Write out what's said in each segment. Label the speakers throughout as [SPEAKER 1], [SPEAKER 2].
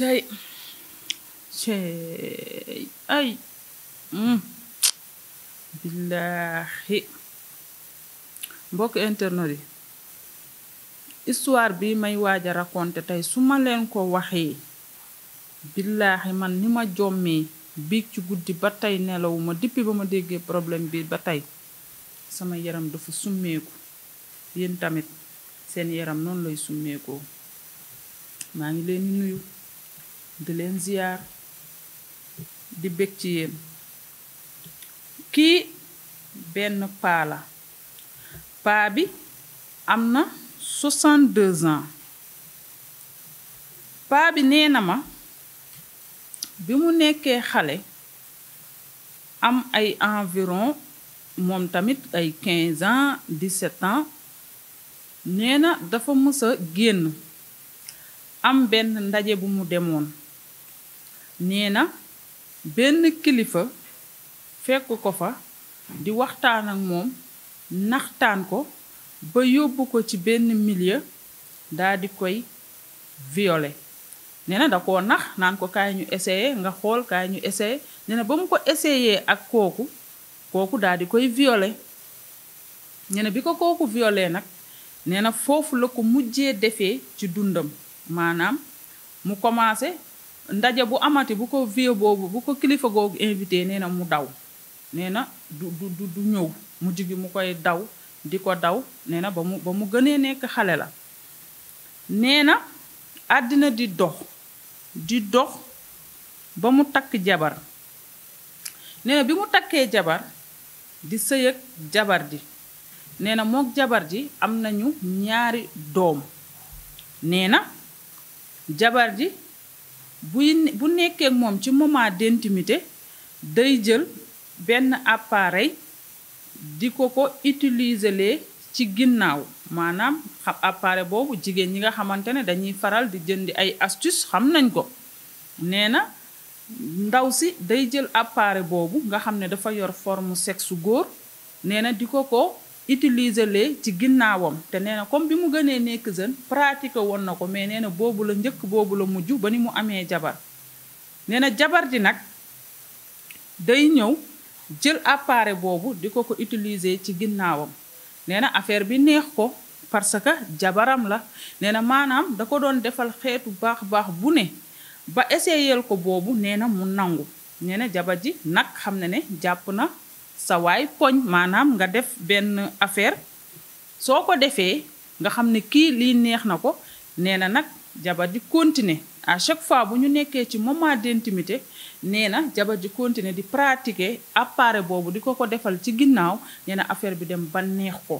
[SPEAKER 1] cey cey ay mm. billaahi mbokk internet yi histoire bi may waaj a tey su ma leen ko waxee billaahi man ni ma jommee biig ci guddi ba tey nelawuma dippi ba ma déggee problème bi ba tey sama yaram dafa summeeku yéen tamit seen yaram noonu lay summeekoo maa ngi leen nuyu di leen ziyaar di bég ci kii benn paa la paa bi am na 62 ans paa bi nee na ma bi mu nekkee xale am ay environ moom tamit ay 15 ans 17 ans nee na dafa mës a génn am benn ndaje bu mu demoon nee na benn kilifa fekk ko fa di waxtaan ak moom naxtaan ko ba yóbbu ko ci benn milieu daal di koy violer nee na da koo nax naan ko kaay ñu essayer nga xool kaay ñu essayer nee ba mu ko essayer ak kooku kooku daal di koy violer nee bi ko kooku violer nag nee na foofu la ko mujjee defee ci dundam maanaam mu commencé ndaje bu amati bu ko vieux boobu bu ko kilifa googu invité nee na mu daw nee na du du du ñëw mu jigi mu koy daw di ko daw nee na ba mu ba mu gënee nekk xale la nee na àddina di dox di dox ba mu takk jabar nee bi mu takkee jabar di sëy ak jabar ji nee na mook jabar ji am nañu ñaari doom nee na jabar ji buy bu nekkee moom ci moment d'intimité day jël benn appareil di ko ko utiliser lee ci ginnaaw maanaam xam appareil boobu jigéen ñi nga xamante ne dañuy faral di jëndi ay astuce xam nañ ko nee na ndaw si day jël appareil boobu nga xam ne dafa yor forme sexe góor nee na di ko ko utiliser lee ci ginnaawam te nee na comme bi mu gënee nekk jeune pratiqué woon na ko mais nee na boobu la njëkk boobu la mujj ba ni mu amee jabar nee na jabar ji nag day ñëw jël appareil boobu di ko ko utiliser ci ginnaawam nee na affaire bi neex ko parce que jabaram la nee na maanaam da ko doon defal xeetu baax baax bu ne ba essayel ko boobu nee na mu nangu nee na jabar ji nag xam na ne jàpp na sawaay poñ maanaam nga def benn affaire soo ko defee nga xam ne kii lii neex na ko nee na nag jabar ji continuer à chaque fois bu ñu nekkee ci moment d'intimité nee na jabar ji continuer di pratiquer appareil boobu di ko ko defal ci ginnaaw nee affaire bi dem ba neex ko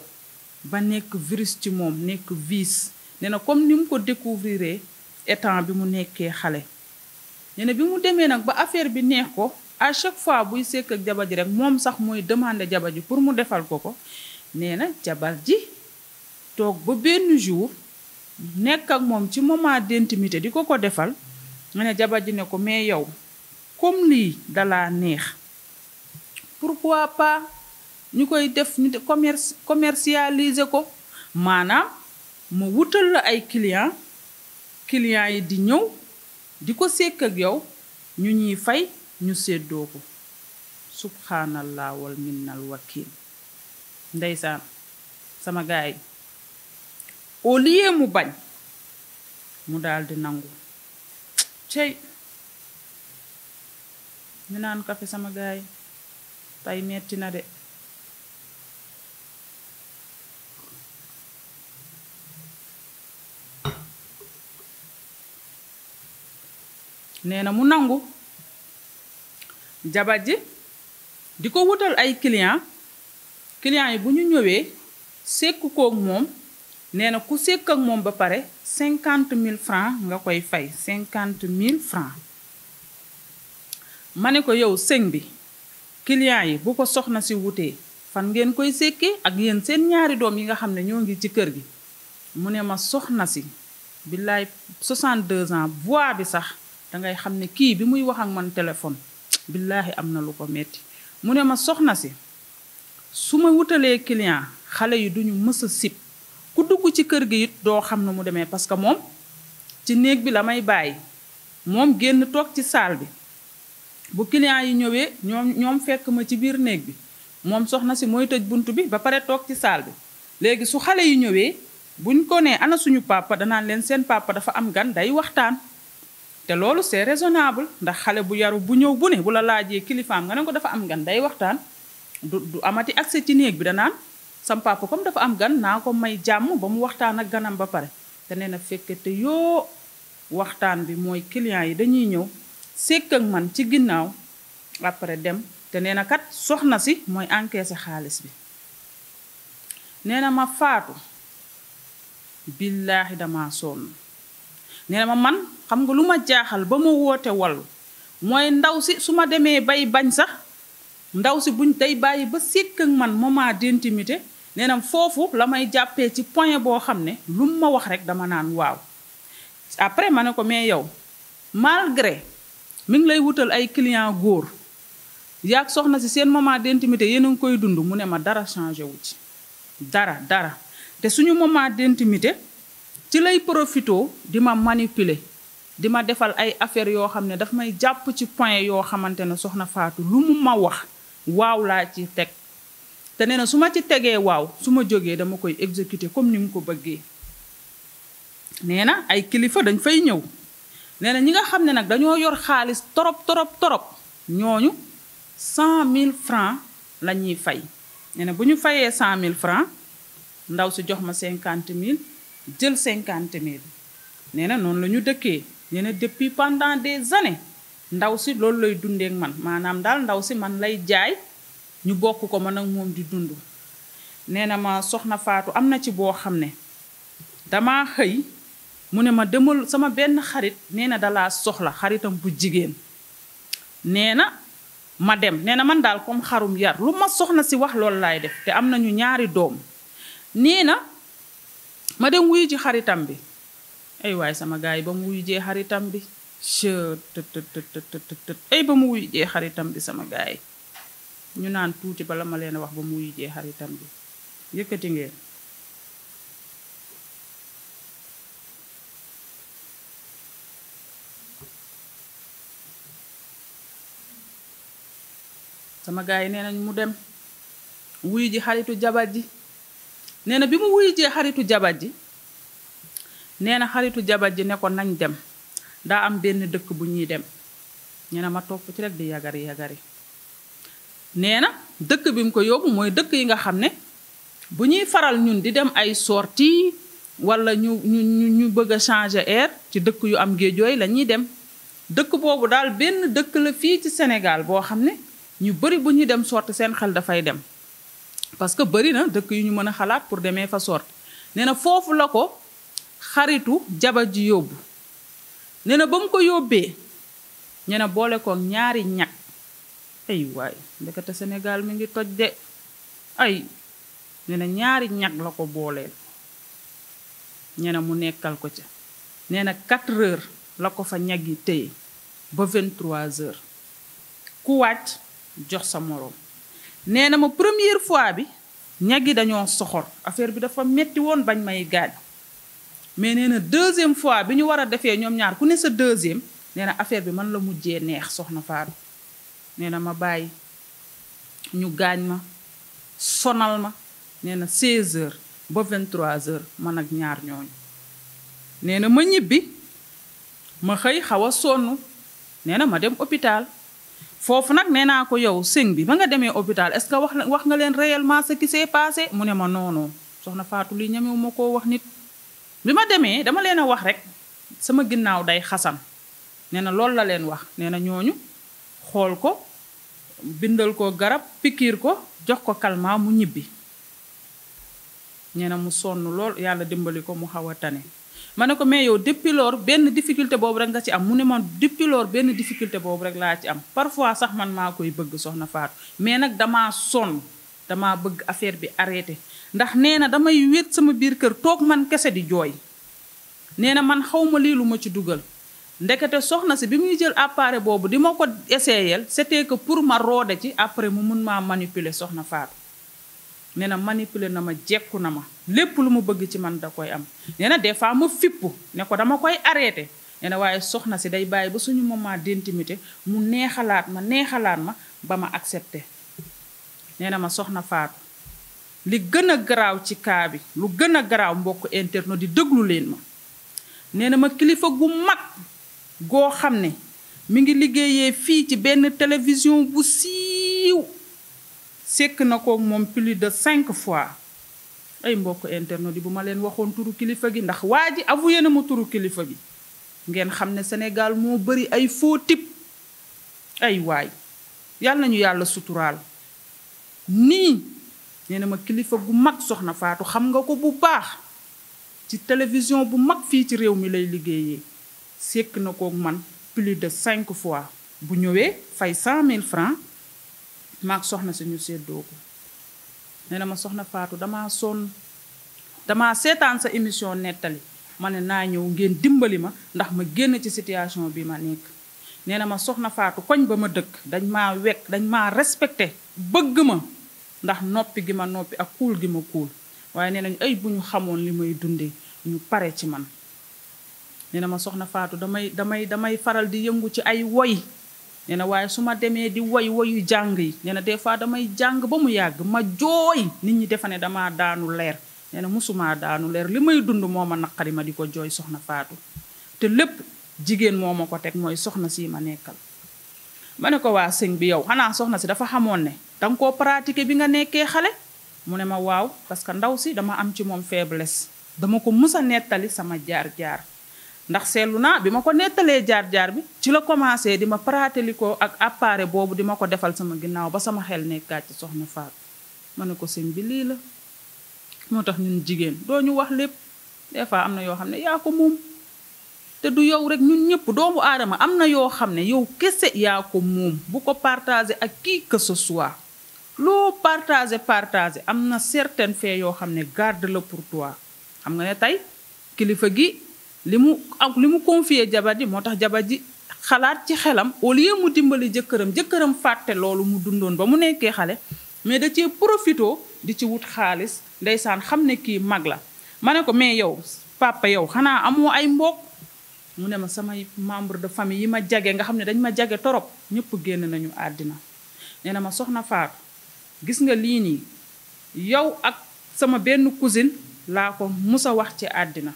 [SPEAKER 1] ba nekk virus ci moom nekk vice nee na comme ni mu ko découvrir étant bi mu nekkee xale nee bi mu demee nag ba affaire bi neex ko à chaque fois buy sekk ak jabar ji rek moom sax mooy demander jabar ji pour mu defal ko ko nee na jabar ji toog ba benn jour nekk ak moom ci moment d'intimité di ko ko defal nga ne jabar ji ne ko mais yow comme lii dalaa neex pourquoi pas ñu koy def ñu commerce commercialiser ko maanaam ma wutal la ay client clients yi di ñëw di ko sekk ak yow ñu ñuy fay ñu seddoo ko subhanallah wal minnal wakiil ndeysaan sama gaay yi au mu bañ mu daldi nangu cey ñu naan kafe sama gaay tay tey metti na de nee na mu nangu jabar ji di ko wutal ay client client yi bu ñu ñëwee sekk koog moom nee na ku sekk ak moom ba pare cinquante mille francs nga koy fay cinquante mille francs ma ne ko yow sëñ bi client yi bu ko soxna si wutee fan ngeen koy sekkee ak yéen seen ñaari doom yi nga xam ne ñoo ngi ci kër gi mu ne ma soxna si billaay 62 ans voix bi sax dangay xam ne kii bi muy wax ak man téléphone billaahi am na lu ko metti mu ne ma soxna si su ma wutalee client xale yi duñu mësa a sib ku dugg ci kër gi it doo xam ne mu demee parce que moom ci néeg bi la may bàyyi moom génn toog ci saal bi bu client yi ñëwee ñoom ñoom fekk ma ci biir néeg bi moom soxna si mooy tëj bunt bi ba pare toog ci saal bi léegi su xale yi ñëwee buñ ko nee ana suñu papa danaa leen seen papa dafa am gan day waxtaan te loolu c'est raisonnable ndax xale bu yaru bu ñëw bu ne bu la laajee kilifaam nga ne ko dafa am ngan day waxtaan du du amati accès ci néeg bi danaan sam papa dafa am gan naa ko may jàmm ba mu waxtaan ak ganam ba pare te nee na fekk te yoo waxtaan bi mooy client yi dañuy ñëw sekk man ci ginnaaw après dem te nee na kat soxna si mooy encaissé xaalis bi nee na ma faatu billaahi dama sonn nee ma man xam nga lu ma jaaxal ba ma woote wallu mooy ndaw si su ma demee bay bañ sax ndaw si buñ day bàyyi ba sekk ak man moment d'intimité nee nam foofu la may jàppee ci point boo xam ne lu ma wax rek dama naan waaw après ma ne ko mais yow malgré mi ngi lay wutal ay clients góor yaag soxna si seen moment d'intimité yéen a ngi koy dund mu ne ma dara changé wu ci dara dara te suñu moment d'intimité ci lay profito di ma manipuler di ma defal ay affaires yoo xam ne daf may jàpp ci point yoo xamante ne soxna Fatou lu mu ma wax waaw laa ci teg te nee na su ma ci tegee waaw su ma jógee dama koy exécuter comme ni mu ko bëggee nee na ay kilifa dañ fay ñëw nee na ñi nga xam ne nag dañoo yor xaalis torop torop torop ñooñu cent mille francs la ñuy fay nee bu ñu fayee cent mille francs ndaw si jox ma cinquante mille jël cinquante mille nee na noonu la ñu dëkkee nee na depuis pendant des années ndaw si loolu lay dundeek man maanaam daal ndaw si man lay jaay ñu bokk ko man ak moom di dund nee na ma soxna Faatu am na ci boo xam ne dama xëy mu ne ma demal sama benn xarit nee na dalaa soxla xaritam bu jigéen nee na ma dem nee na man daal comme xarum yar lu ma soxna si wax loolu laay def te am nañu ñaari doom nee ma dem wuyu xaritam bi ay waay sama gars yi ba mu wuyu xaritam bi tëtëtëtëtëtët ay bi sama gars ñu naan tuuti bala ma leen wax ba mu wuyu xaritam bi yëkkati ngeen sama gars yi nee nañ mu dem wuyu xaritu jabar ji nee na bi mu wuy jee xaritu jabar ji nee na xaritu jabar ji ne ko nañ dem daa am benn dëkk bu ñuy dem ñu ne ma topp ci rek di yagari yagari nee na dëkk bi mu ko yóbbu mooy dëkk yi nga xam ne bu ñuy faral ñun di dem ay sortie wala ñu ñu ñu bëgg a changer air ci dëkk yu am géejooy lañuy dem dëkk boobu daal benn dëkk la fii ci senegal boo xam ne ñu bari bu ñuy dem sortie seen xel dafay dem parce que bëri na dëkk yu ñu mën a xalaat pour demee fa sorte nee na foofu la ko xaritu jabar ji yóbbu nee na ba mu ko yóbbee ñu ne boole ko ñaari ñag ay waay ndekete Sénégal mi ngi toj de ay nee ñaari ñag la ko booleel ñu mu nekkal ko ca nee na 4 heures la ko fa ñag yi téye ba 23 heures ku wàcc jox sa moroom nee na ma première fois bi ñag yi dañoo soxor affaire bi dafa metti woon bañ may gaañ mais nee na deuxième fois bi ñu war a defee ñoom ñaar ku ne sa deuxième nee na affaire bi man la mujjee neex soxna Faatu nee na ma bàyyi ñu gaañ ma sonal ma nee na 16 heures ba 23 heures man ak ñaar ñooñu nee na ma ñibbi ma xëy xaw a sonn nee na ma dem hôpital foofu nag nee naa ko yow sëñ bi ba nga demee hôpital est-ce que wax wax nga leen réellement ce qui s'est mu ne ma noonu soxna Fatou li ñemewu ma koo wax nit bi ma demee dama leen a wax rek sama ginnaaw day xasan nee na loolu la leen wax nee na ñooñu xool ko bindal ko garab pikiir ko jox ko calmant mu ñibbi nee na mu sonn lool yàlla dimbali ko mu xaw a tane ma ne ko mais yow depuis benn difficulté boobu rek nga ci am mu ne ma depuis benn difficulté boobu rek laa ci am parfois sax man maa koy bëgg soxna Faatu mais nag dama sonn damaa bëgg affaire bi arrêté ndax nee na damay wéet sama biir kër toog man kese di jooy nee na man xaw ma lii lu ma ci dugal ndekete soxna si bi muy jël appareil boobu di ma ko essayel c'était que pour ma roode ci après mu mun maa manipuler soxna Faatu nee na manipuler na ma jekku na ma lépp lu mu bëgg ci man da koy am nee na des fois ma fippu ne ko dama koy arrêté nee waaye soxna si day bàyyi ba suñu moment d'intimité mu neexalaat ma neexalaat ma ba ma accepté nee na ma soxna Faatu li gën a garaaw ci kaabi bi lu gën a garaaw mbokk internet di déglu leen ma nee na ma kilifa gu mag goo xam ne mu ngi liggéeyee fii ci benn télévision bu siiw sekk na ko moom plus de cinq fois ay mbokk internet yi bu ma leen waxoon turu kilifa gi ndax waa ji avoué na mu turu kilifa bi ngeen xam ne Sénégal moo bari ay faux type ay waay yàlla nañu yàlla suturaal nii nee na ma kilifa gu mag soxna Faatu xam nga ko bu baax ci télévision bu mag fii ci réew mi lay liggéeyee sekk na koog man plus de cinq fois bu ñëwee fay cent mille francs maak soxna si ñu séddoo ko nee na ma soxna Fatou dama sonn damaa seetaan sa émission nettali ma ne naa ñëw ngeen dimbali ma ndax ma génn ci situation bi ma nekk nee na ma soxna Fatou koñ ba ma dëkk dañ ma wekk dañ maa respecté bëgg ma ndax noppi gi ma noppi ak kuul gi ma kuul waaye nee nañ ay bu ñu xamoon li may dundee ñu pare ci man nee na ma soxna Fatou damay damay damay faral di yëngu ci ay woy nee waaye su ma demee di woy woyu jàng yi nee na des fois damay jàng ba mu yàgg ma jooy nit ñi defa ne dama daanu leer nee na musumaa daanu leer li may dund moo ma naqari ma di ko jooy soxna Faatu te lépp jigéen moo ma ko teg mooy soxna si ma nekkal ma ne ko waa sëñ bi yow xanaa soxna si dafa xamoon ne danga koo pratiquer bi nga nekkee xale mu ne ma waaw parce que ndaw si dama am ci moom faiblesse dama ko mës a nettali sama jaar-jaar ndax seetlu naa bi ma ko nettalee jaar-jaar bi ci la commencé di ma ko ak appareil boobu di ma ko defal sama ginnaaw ba sama xel nekkaat ci soxna Fatou ma ne ko sëñ bi lii la moo tax ñun jigéen doo ñu wax lépp des fois am na yoo xam ne yaa ko moom te du yow rek ñun ñëpp doomu aadama am na yoo xam ne yow kese yaa ko moom bu ko partagé ak kii que ce soit loo partagé partage am na certaines faits yoo xam ne garde la pour toi xam nga ne tey kilifa gi li mu ak li mu confier jabar ji moo tax jabar ji xalaat ci xelam au lieu mu dimbali jëkkëram jëkkëram fàtte loolu mu dundoon ba mu nekkee xale mais da cee profito di ci wut xaalis ndeysaan xam ne kii mag la ma ne ko mais yow papa yow xanaa amoo ay mbokk mu ne ma samay membre de famille yi ma jage nga xam ne dañ ma jage torop ñëpp génn nañu àddina nee na ma soxna Faatu gis nga lii nii yow ak sama benn cousine laa ko musa wax ci àddina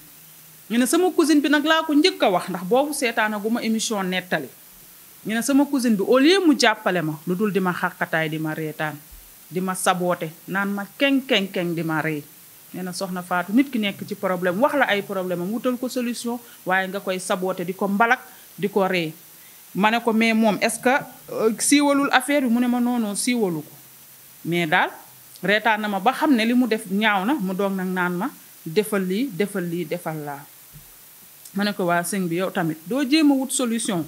[SPEAKER 1] ñu ne sama cousine bi nag laa ko njëkk a wax ndax boobu seetaana gu ma émission nettali ñu ne sama cousine bi au lieu mu jàppale ma lu dul di ma xàqataay di ma reetaan di ma saboote naan ma keng keng keng di ma rey nee na soxna Faatu nit ki nekk ci problème wax la ay problème am wutal ko solution waaye nga koy saboote di ko mbalag di ko rey ma ne ko mais moom est-ce que euh, siiwalul affaire bi mu ne ma noonoo siiwalu ko mais daal reetaan na ma ba xam ne li mu def ñaaw na mu doog nag naan ma defal lii defal lii defal laa ma ne ko waa sëñ bi yow tamit doo jéem wut solution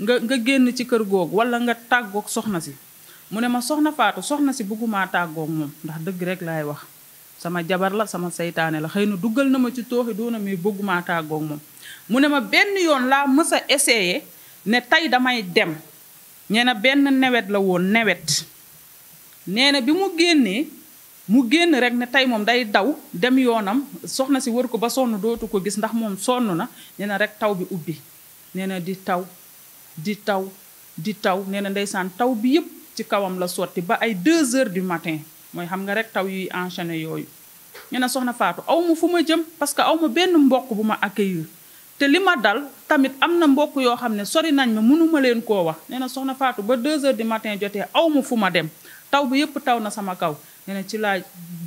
[SPEAKER 1] nga nga génn ci kër googu wala nga tàggook soxna si mu ne ma soxna faatu soxna si bëggumaa tàggoog moom ndax dëgg rek laay wax sama jabar la sama seytaane la xëy na duggal na ma ci tooxi doona mais bëggumaa tàggoog moom mu ne ma benn yoon laa mës a essayé ne tey damay dem ñee na benn nawet la woon nawet nee na bi mu génnee mu génn rek ne tey moom day daw dem yoonam soxna si war ko ba sonn dootu ko gis ndax moom sonn na nee na rek taw bi ubbi nee na di taw di taw di taw ne na ndeysaan taw bi yëpp ci kawam la sotti ba ay 2 heures du matin mooy xam nga rek taw yuy enchaîné yooyu ñu ne soxna Faatu aw ma fu ma jëm parce que aw ma benn mbokk bu ma accueillir te li ma dal tamit am na mbokk yoo xam ne sori nañ mënuma leen koo wax nee na soxna Faatu ba 2 heures du matin jotee aw ma fu ma dem taw bi yëpp taw na sama kaw nee ci laa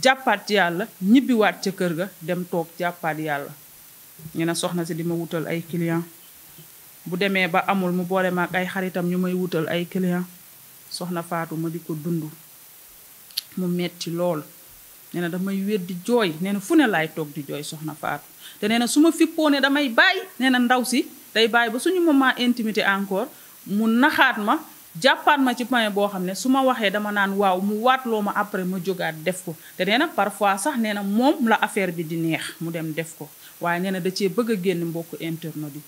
[SPEAKER 1] jàppaat yàlla ñibbiwaat ca kër ga dem toog jàppaat yàlla nee soxna si di ma wutal ay client bu demee ba amul mu boole maag ay xaritam ñu may wutal ay client soxna faatu ma di ko dund mu metti lool nee na damay wér di jooy nee na fu ne laay toog di jooy soxna faatu te nee na su ma fippoo ne damay bàyyi nee na ndaw si day bàyyi ba suñu moment intimité encore mu naxaat ma jàppal ma ci point boo xam ne su ma waxee dama naan waaw mu waatloo ma après ma jógaat def ko te nee na parfois sax nee na moom la affaire bi di neex mu dem def ko waaye nee na da cee bëgg a génn mbokku internet yi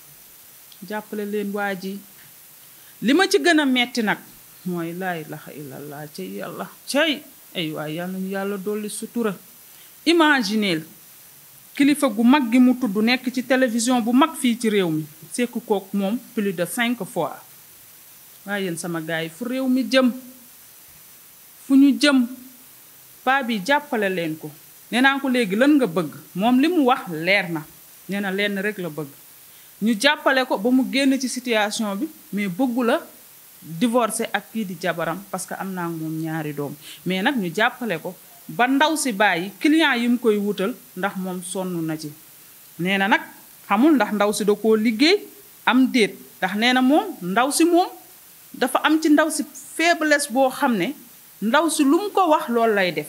[SPEAKER 1] jàppale leen waa ji li ma ci gën a metti nag mooy laa ilaha illallah ci yàlla cay ay yàlla ñu yàlla dolli sutura imagineel kilifa gu mag gi mu tudd nekk ci télévision bu mag fii ci réew mi sekk kook moom plus de cinq fois waaye yéen sama gars yi fu réew mi jëm fu ñu jëm pa bi jàppale leen ko nee naa ko léegi lan nga bëgg moom li mu wax leer na nee na lenn rek la bëgg ñu jàppale ko ba mu génn ci situation bi mais bëggu la divorcé ak kii di jabaram parce que am naa moom ñaari doom mais nag ñu jàppale ko ba ndaw si bàyyi client yi mu koy wutal ndax moom sonn na ci nee na nag xamul ndax ndaw si da koo liggéey am déet ndax nee na moom ndaw si moom dafa am ci ndaw si faiblesse boo xam ne ndaw si lu mu ko wax loolu lay def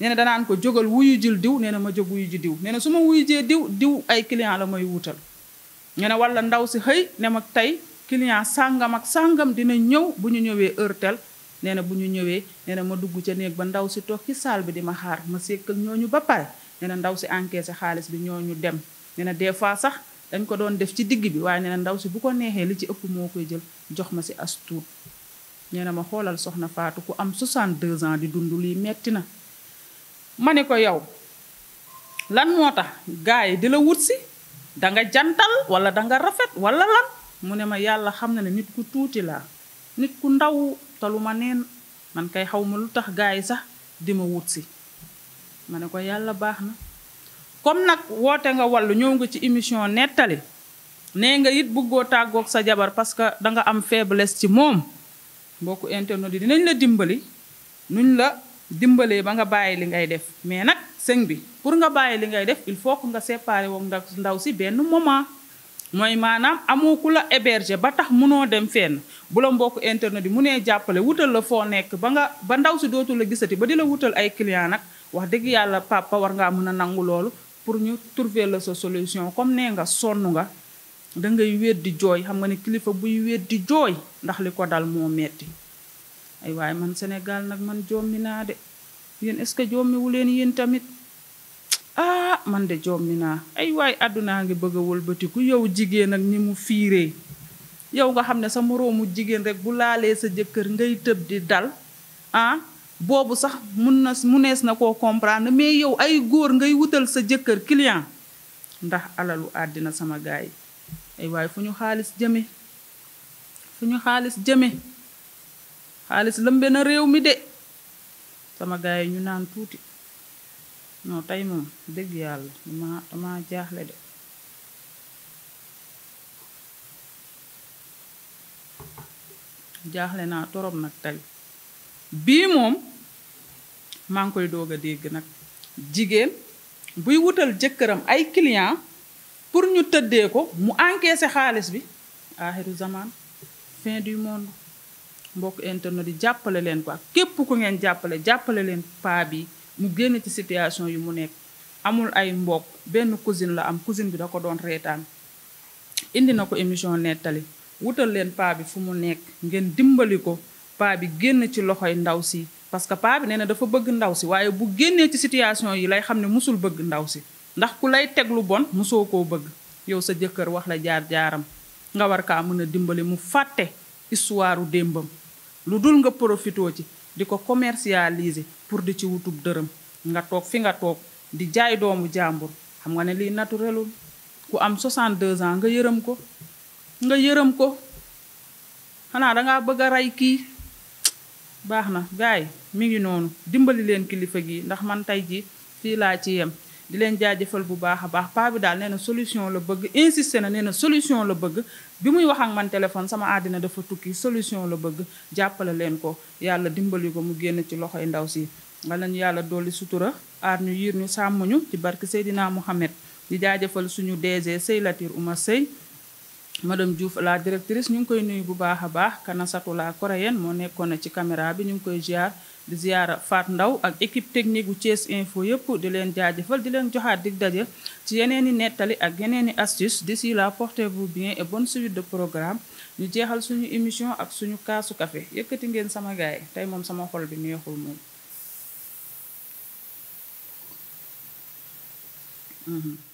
[SPEAKER 1] nee na danaan ko jógal wuyu jil diw nee na ma jóg wuyu diw nee na su ma wuyu diw diw ay client la may wutal nee na wala ndaw si xëy ne ma tey client sàngam ak sàngam dina ñëw bu ñu ñëwee heure tel nee na bu ñu ñëwee nee ma dugg ca néeg ba ndaw si toog ci saal bi di ma xaar ma sekkal ñooñu ba pare nee ndaw si encaissé xaalis bi ñooñu dem nee na sax dañ ko doon def ci digg bi waaye nee na ndaw si bu ko neexee li ci ëpp moo koy jël jox ma si as tuut nee na ma xoolal soxna Faatu ku am 62 ans di dundu lii metti na ma ne ko yow lan moo tax gars yi di la wut si da jantal wala danga rafet wala lan mu ne ma yàlla xam na ne nit ku tuuti laa nit ku ndaw talu ma neen man kay xaw ma lu tax gars yi sax di ma wut si ma ne ko yàlla baax na comme nag woote nga wàllu ñëw nga ci émission nettali nee nga it bëggoo tàggook sa jabar parce que da am faiblesse ci moom mbokku internet yi dinañ la dimbali nuñ la dimbalee ba nga bàyyi li ngay def mais nag sëñ bi pour nga bàyyi li ngay def il faut que nga séparé woog ndaw ndaw si benn moment mooy maanaam amoo ku la héberger ba tax munoo dem fenn bu la mbokk internet yi mu nee jàppale wutal la foo nekk ba nga ba ndaw si dootul la gisati ba di la wutal ay client nag wax dëgg yàlla papa war ngaa mën a nangu loolu pour ñu trouver la sa solution comme nee nga sonn nga da ngay wéet di jooy xam nga ne kilifa buy wéet di jooy ndax li ko dal moo metti ay waaye man Sénégal nag man jommi naa de yéen est-ce que jommiwu leen yéen tamit ah man de jommi naa ay waay àddunaa ngi bëgg a wëlbatiku yow jigéen ak ni mu fiiree yow nga xam ne sa moroomu jigéen rek bu laalee sa jëkkër ngay tëb di dal ah? boobu sax mun na mu nees na koo comprendre mais yow ay góor ngay wutal sa jëkkër client ndax alalu àddina sama gaay ay waaye fu ñu xaalis jëme fu ñu xaalis jëme xaalis lëmbe na réew mi de sama gaay ñu naan tuuti non tey moom dëgg yàlla dama jaaxle de jaaxle naa torop nag tey bii moom maa ngi koy doog a dégg nag jigéen buy wutal jëkkëram ay clients pour ñu tëddee ko mu encaissé xaalis bi aaxiru zaman fin du monde mbokk internet di jàppale leen ko ak képp ku ngeen jàppale jàppale leen paa bi mu génn ci situation yi mu nekk amul ay mbokk benn cousine la am cousine bi da ko doon reetaan indi na ko émission nettali wutal leen paa bi fu mu nekk ngeen dimbali ko paa bi génn ci loxoy ndaw si parce que paa bi nee na dafa bëgg ndaw si waaye bu génnee ci situation yi lay xam ne mosul bëgg ndaw si ndax ku lay teg lu bon mosoo koo bëgg yow sa jëkkër wax la jaar-jaaram nga war kaa mën a dimbali mu fàtte histoire u démbam lu dul nga profitoo ci di ko commercialiser pour di ci wutub dërëm nga toog fi nga toog di jaay doomu jàmbur xam nga ne lii naturelul ku am 62 ans nga yërëm ko nga yërëm ko xanaa danga bëgg rey kii baax na gars yi mi ngi noonu dimbali leen kilifa gi ndax man tey ji fii laa ci yem di leen jaajëfal bu baax a baax paa bi daal nee na solution la bëgg insisté na nee na solution la bëgg bi muy wax ak man téléphone sama àddina dafa tukki solution la bëgg jàppale leen ko yàlla dimbali ko mu génn ci loxoy ndaw si nga nañu yàlla dolli sutura aar ñu yiir ñu sàmm ñu ci barke Seydina Mouhamed di jaajëfal suñu DG Seylatir Oumar Sey ma madame Diouf la directrice ñu ngi koy nuyu bu baax a baax Kanasatu la coréenne moo nekkoon na ci caméra bi ñu ngi koy ziar di ziar Faat Ndaw ak équipe technique bu Thiès Info yëpp di leen jaajëfal di leen joxaat dig daje ci yeneen i nettali ak yeneen i astuce d'ici la portez-vous bien et bonne suite de programme ñu jeexal suñu émission ak suñu kaasu café yëkkati ngeen sama gaay tey moom sama xol bi neexul moom mhm.